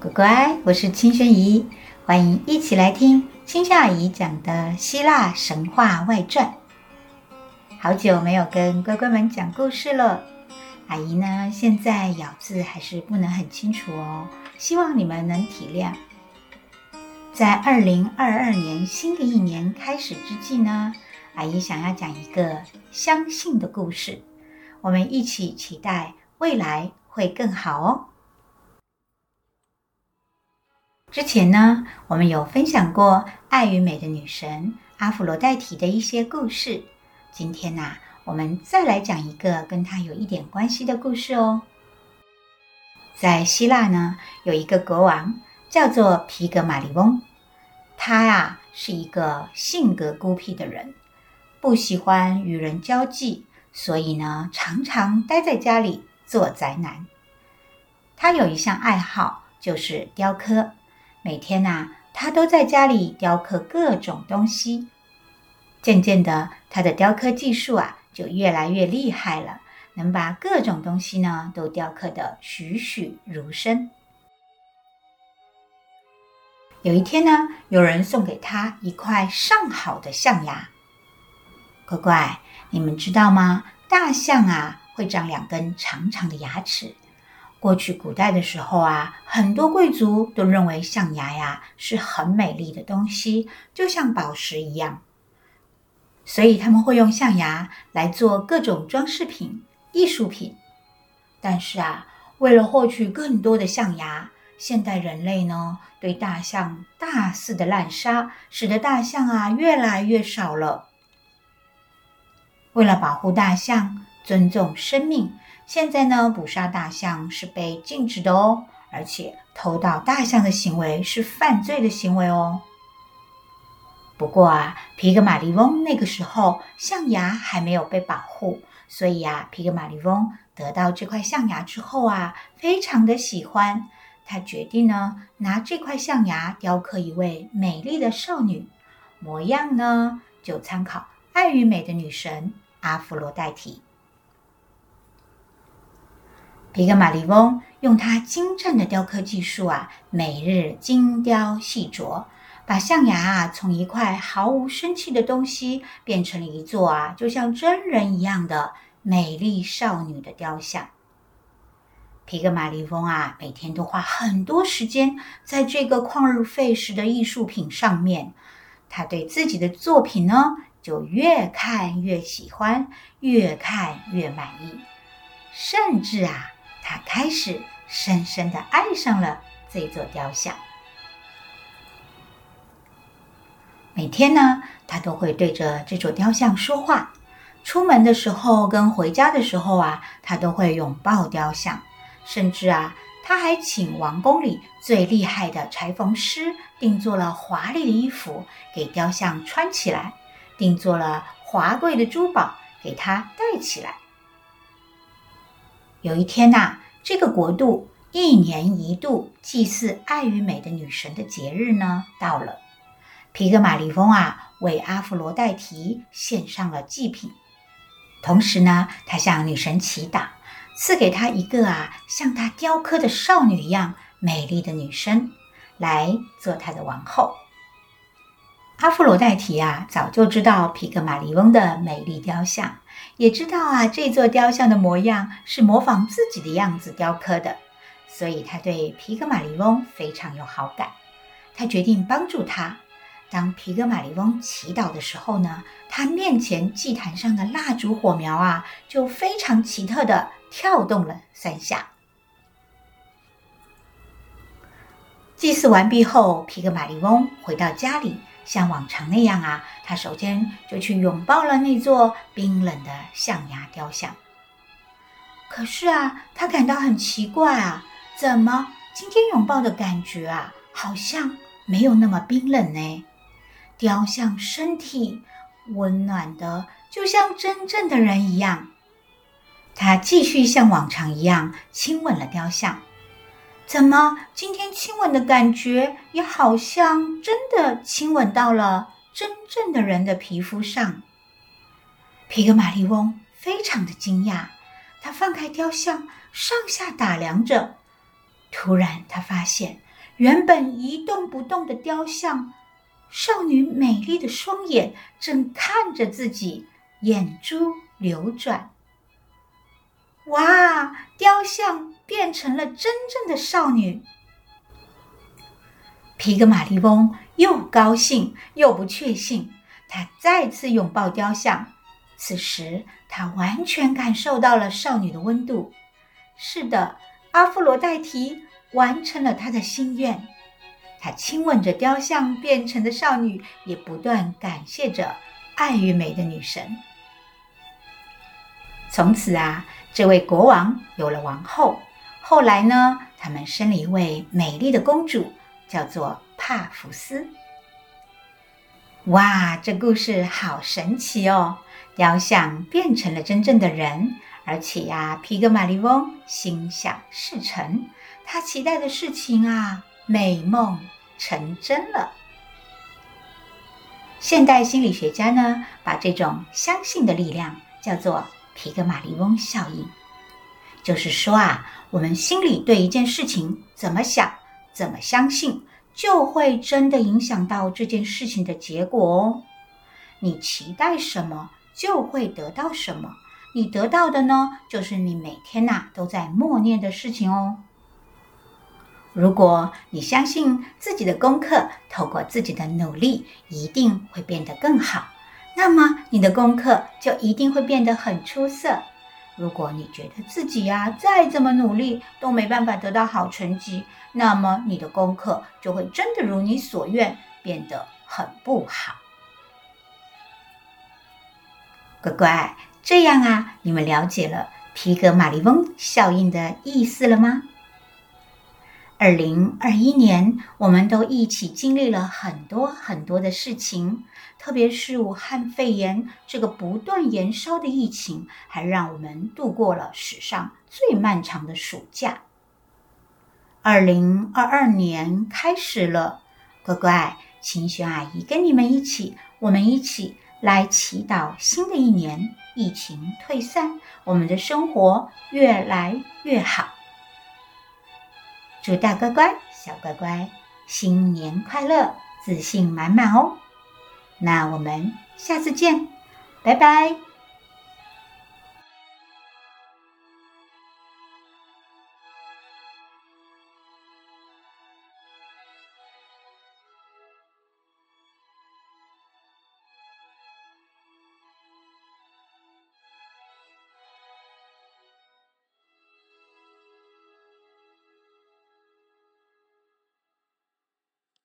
乖乖，我是青萱姨，歡迎一起來聽青萱阿姨講的《希臘神話外傳》。好久沒有跟乖乖們講故事了，阿姨呢，現在咬字還是不能很清楚哦，希望你們能體諒。在二零二二年新的一年開始之際呢，阿姨想要講一個相信的故事，我們一起期待未來會更好哦。之前呢，我們有分享過愛與美的女神阿芙羅黛蒂的一些故事。今天呢、啊，我們再來講一個跟她有一點關係的故事哦。在希臘呢，有一個國王叫做皮格馬力翁，他呀、啊、是一個性格孤僻的人，不喜歡與人交際，所以呢，常常待在家裡做宅男。他有一項愛好就是雕刻。每天吶、啊，他都在家裡雕刻各種東西。漸漸的，他的雕刻技術啊就越來越厲害了，能把各種東西呢都雕刻得栩栩如生。有一天呢，有人送給他一塊上好的象牙。乖乖，你們知道嗎？大象啊會長兩根長長的牙齒。過去古代的時候啊，很多貴族都認為象牙呀是很美麗的東西，就像寶石一樣。所以他們會用象牙來做各種裝飾品、藝術品。但是啊，為了獲取更多的象牙，現代人類呢對大象大肆的濫殺，使得大象啊越來越少了。為了保護大象，尊重生命。現在呢，捕殺大象是被禁止的哦，而且偷盜大象的行為是犯罪的行為哦。不過啊，皮格馬利翁那個時候象牙還沒有被保護，所以啊，皮格馬利翁得到這塊象牙之後啊，非常的喜歡，他決定呢拿這塊象牙雕刻一位美麗的少女，模樣呢就參考愛與美的女神阿芙羅黛蒂皮格馬力翁用他精湛的雕刻技術啊，每日精雕細琢，把象牙啊從一塊毫無生氣的東西，變成了一座啊就像真人一樣的美麗少女的雕像。皮格馬力翁啊，每天都花很多時間在這個曠日費時的藝術品上面。他對自己的作品呢，就越看越喜歡，越看越滿意，甚至啊。他開始深深的愛上了這座雕像。每天呢，他都會對着這座雕像說話。出門的時候跟回家的時候啊，他都會擁抱雕像。甚至啊，他還請王宮裡最厲害的裁縫師定做了華麗的衣服給雕像穿起來，定做了華貴的珠寶給它戴起來。有一天吶、啊，這個國度一年一度祭祀愛與美的女神的節日呢到了，皮格馬利翁啊為阿佛羅戴提獻上了祭品，同時呢，他向女神祈禱，賜給他一個啊像他雕刻的少女一樣美麗的女神來做他的王後。阿佛羅戴提啊早就知道皮格馬利翁的美麗雕像。也知道啊，這座雕像的模樣是模仿自己的樣子雕刻的，所以他對皮格馬力翁非常有好感，他決定幫助他。當皮格馬力翁祈禱的時候呢，他面前祭壇上的蠟燭火苗啊，就非常奇特地跳動了三下。祭祀完畢後，皮格馬力翁回到家裡。像往常那樣啊，他首先就去擁抱了那座冰冷的象牙雕像。可是啊，他感到很奇怪啊，怎麼今天擁抱的感覺啊，好像沒有那麼冰冷呢？雕像身體溫暖的，就像真正的人一樣。他繼續像往常一樣親吻了雕像。怎麼，今天親吻的感覺也好像真的親吻到了真正的人的皮膚上？皮格馬力翁非常的驚訝，他放開雕像，上下打量着。突然，他發現原本一動不動的雕像，少女美麗的雙眼正看着自己，眼珠流轉。哇，雕像！變成了真正的少女，皮格馬利翁又高興又不確信，他再次擁抱雕像。此時，他完全感受到了少女的溫度。是的，阿夫羅戴提完成了他的心願。他親吻着雕像變成的少女，也不斷感謝着愛與美的女神。從此啊，這位國王有了王後。後來呢，他們生了一位美麗的公主，叫做帕福斯。哇，這故事好神奇哦！雕像變成了真正的人，而且呀、啊，皮格馬利翁心想事成，他期待的事情啊，美夢成真了。現代心理學家呢，把這種相信的力量叫做皮格馬利翁效應。就是說啊，我們心裡對一件事情怎麼想、怎麼相信，就會真的影響到這件事情的結果哦。你期待什麼，就會得到什麼。你得到的呢，就是你每天吶、啊、都在默念的事情哦。如果你相信自己的功課，透過自己的努力一定會變得更好，那麼你的功課就一定會變得很出色。如果你覺得自己呀、啊、再怎麼努力都沒辦法得到好成績，那麼你的功課就會真的如你所願變得很不好。乖乖，這樣啊，你們了解了皮格馬利翁效應的意思了嗎？二零二一年，我們都一起經歷了很多很多的事情，特別是武漢肺炎這個不斷延燒的疫情，還讓我們度過了史上最漫長的暑假。二零二二年開始了，乖乖，青萱阿姨跟你們一起，我們一起來祈禱新的一年，疫情退散，我們的生活越來越好。祝大乖乖、小乖乖新年快樂，自信滿滿哦！那我們下次見，拜拜。